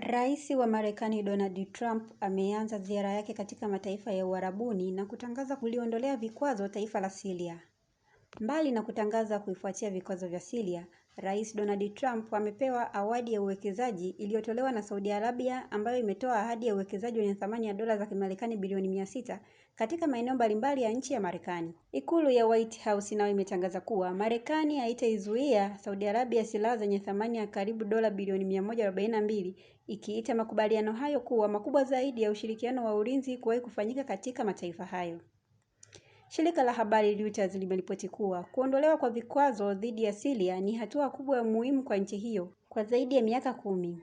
Rais wa Marekani Donald Trump ameanza ziara yake katika mataifa ya Uarabuni na kutangaza kuliondolea vikwazo taifa la Syria Mbali na kutangaza kuifuatia vikwazo vya Syria, Rais Donald Trump amepewa awadi ya uwekezaji iliyotolewa na Saudi Arabia ambayo imetoa ahadi ya uwekezaji wenye thamani ya dola za Kimarekani bilioni mia sita katika maeneo mbalimbali ya nchi ya Marekani. Ikulu ya White House nayo imetangaza kuwa Marekani haitaizuia Saudi Arabia silaha zenye thamani ya karibu dola bilioni mia moja arobaini na mbili, ikiita makubaliano hayo kuwa makubwa zaidi ya ushirikiano wa ulinzi kuwahi kufanyika katika mataifa hayo. Shirika la habari Reuters limeripoti kuwa kuondolewa kwa vikwazo dhidi ya Syria ni hatua kubwa muhimu kwa nchi hiyo kwa zaidi ya miaka kumi.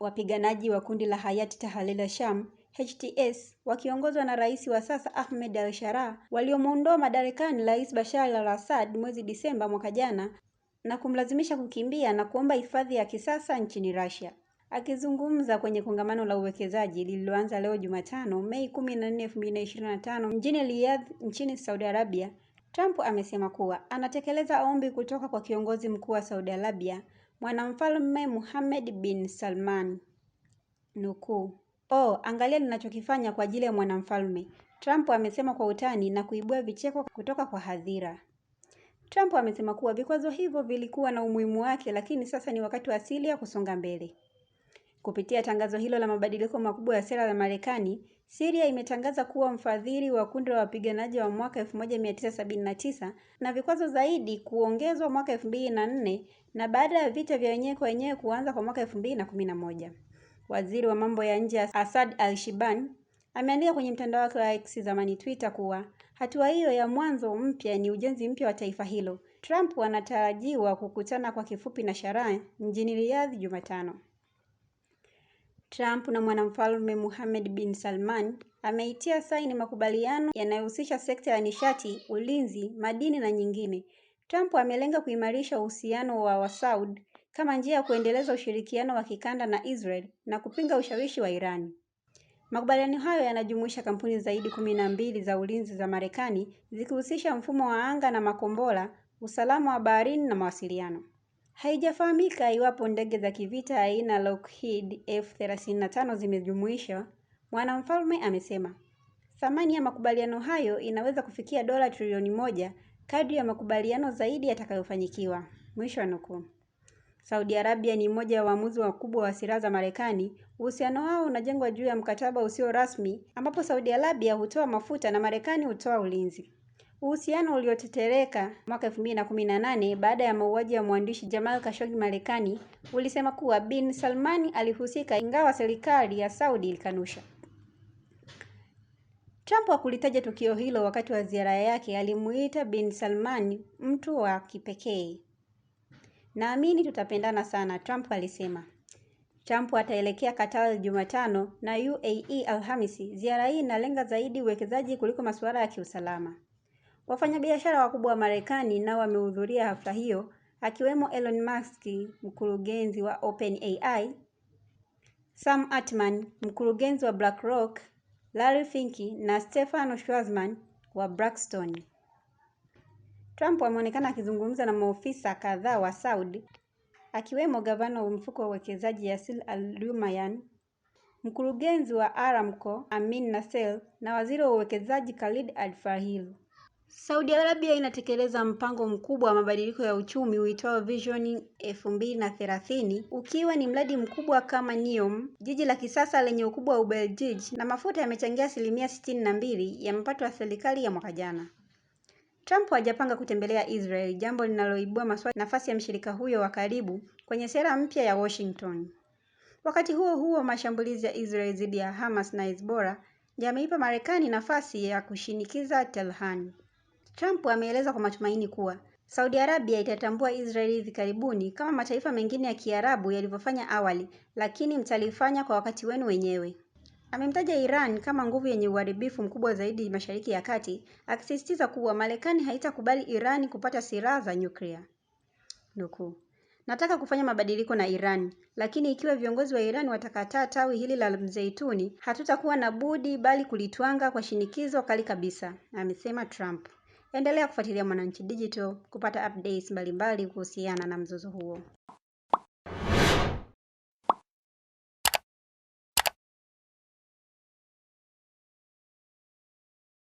Wapiganaji wa kundi la Hayat Tahrir al-Sham HTS wakiongozwa na rais wa sasa Ahmed al-Sharaa waliomuondoa madarakani Rais Bashar al-Assad mwezi Disemba mwaka jana na kumlazimisha kukimbia na kuomba hifadhi ya kisasa nchini Russia. Akizungumza kwenye kongamano la uwekezaji lililoanza leo Jumatano, Mei 14, 2025 mjini Riyadh nchini Saudi Arabia, Trump amesema kuwa anatekeleza ombi kutoka kwa kiongozi mkuu wa Saudi Arabia, Mwanamfalme Mohammed bin Salman. Nukuu, "Oh, angalia ninachokifanya kwa ajili ya mwanamfalme," Trump amesema kwa utani na kuibua vicheko kutoka kwa hadhira. Trump amesema kuwa vikwazo hivyo vilikuwa na umuhimu wake, lakini sasa ni wakati wa Syria kusonga mbele. Kupitia tangazo hilo la mabadiliko makubwa ya sera za Marekani, Syria imetangaza kuwa mfadhili wa kundi la wapiganaji wa mwaka 1979 na vikwazo zaidi kuongezwa mwaka 2004 na baada ya vita vya wenyewe kwa wenyewe kuanza kwa mwaka 2011. Waziri wa mambo ya nje Assad Al-Shibani ameandika kwenye mtandao wake wa X zamani Twitter kuwa hatua hiyo ya mwanzo mpya ni ujenzi mpya wa taifa hilo. Trump anatarajiwa kukutana kwa kifupi na Sharaa mjini Riyadh Jumatano. Trump na mwanamfalme Mohammed bin Salman ameitia saini makubaliano yanayohusisha sekta ya nishati, ulinzi, madini na nyingine. Trump amelenga kuimarisha uhusiano wa Wasaud kama njia ya kuendeleza ushirikiano wa kikanda na Israel na kupinga ushawishi wa Iran. Makubaliano hayo yanajumuisha kampuni zaidi kumi na mbili za ulinzi za Marekani zikihusisha mfumo wa anga na makombora, usalama wa baharini na mawasiliano. Haijafahamika iwapo ndege za kivita aina Lockheed F-35 zimejumuishwa, mwanamfalme amesema. Thamani ya makubaliano hayo inaweza kufikia dola trilioni moja kadri ya makubaliano zaidi yatakayofanyikiwa. Mwisho wa nukuu. Saudi Arabia ni mmoja wa waamuzi wakubwa wa silaha za Marekani. Uhusiano wao unajengwa juu ya mkataba usio rasmi ambapo Saudi Arabia hutoa mafuta na Marekani hutoa ulinzi. Uhusiano uliotetereka mwaka 2018 baada ya mauaji ya mwandishi Jamal Khashoggi Marekani ulisema kuwa Bin Salman alihusika ingawa serikali ya Saudi ilikanusha. Trump hakulitaja tukio hilo wakati wa ziara yake, alimuita Bin Salman mtu wa kipekee. Naamini tutapendana sana, Trump alisema. Trump ataelekea Qatar Jumatano na UAE Alhamisi. Ziara hii inalenga zaidi uwekezaji kuliko masuala ya kiusalama. Wafanyabiashara wakubwa wa Marekani nao wamehudhuria hafla hiyo, akiwemo Elon Musk, mkurugenzi wa OpenAI, Sam Altman, mkurugenzi wa BlackRock, Larry Fink na stefano Schwarzman wa Blackstone. Trump ameonekana akizungumza na maofisa kadhaa wa Saudi, akiwemo gavana wa mfuko wa uwekezaji Yasir Al-Rumayyan, mkurugenzi wa Aramco Amin Nasser na waziri wa uwekezaji Khalid Al-Fahil. Saudi Arabia inatekeleza mpango mkubwa wa mabadiliko ya uchumi uitwao Vision elfu mbili na thelathini ukiwa ni mradi mkubwa kama NEOM, jiji la kisasa lenye ukubwa wa Ubelgiji na mafuta yamechangia asilimia sitini na mbili ya mapato ya serikali ya mwaka jana. Trump hajapanga kutembelea Israel, jambo linaloibua maswali nafasi ya mshirika huyo wa karibu kwenye sera mpya ya Washington. Wakati huo huo, mashambulizi ya Israel dhidi ya Hamas na Hezbollah yameipa Marekani nafasi ya kushinikiza Tehran Trump ameeleza kwa matumaini kuwa Saudi Arabia itatambua Israel hivi karibuni kama mataifa mengine ya Kiarabu yalivyofanya awali, lakini mtalifanya kwa wakati wenu wenyewe. Amemtaja Iran kama nguvu yenye uharibifu mkubwa zaidi Mashariki ya Kati, akisisitiza kuwa Marekani haitakubali Iran kupata silaha za nyuklia. Nukuu, nataka kufanya mabadiliko na Iran, lakini ikiwa viongozi wa Iran watakataa tawi hili la mzeituni, hatutakuwa na budi bali kulitwanga kwa shinikizo kali kabisa, amesema Trump. Endelea kufuatilia Mwananchi Digital kupata updates mbalimbali kuhusiana na mzozo huo.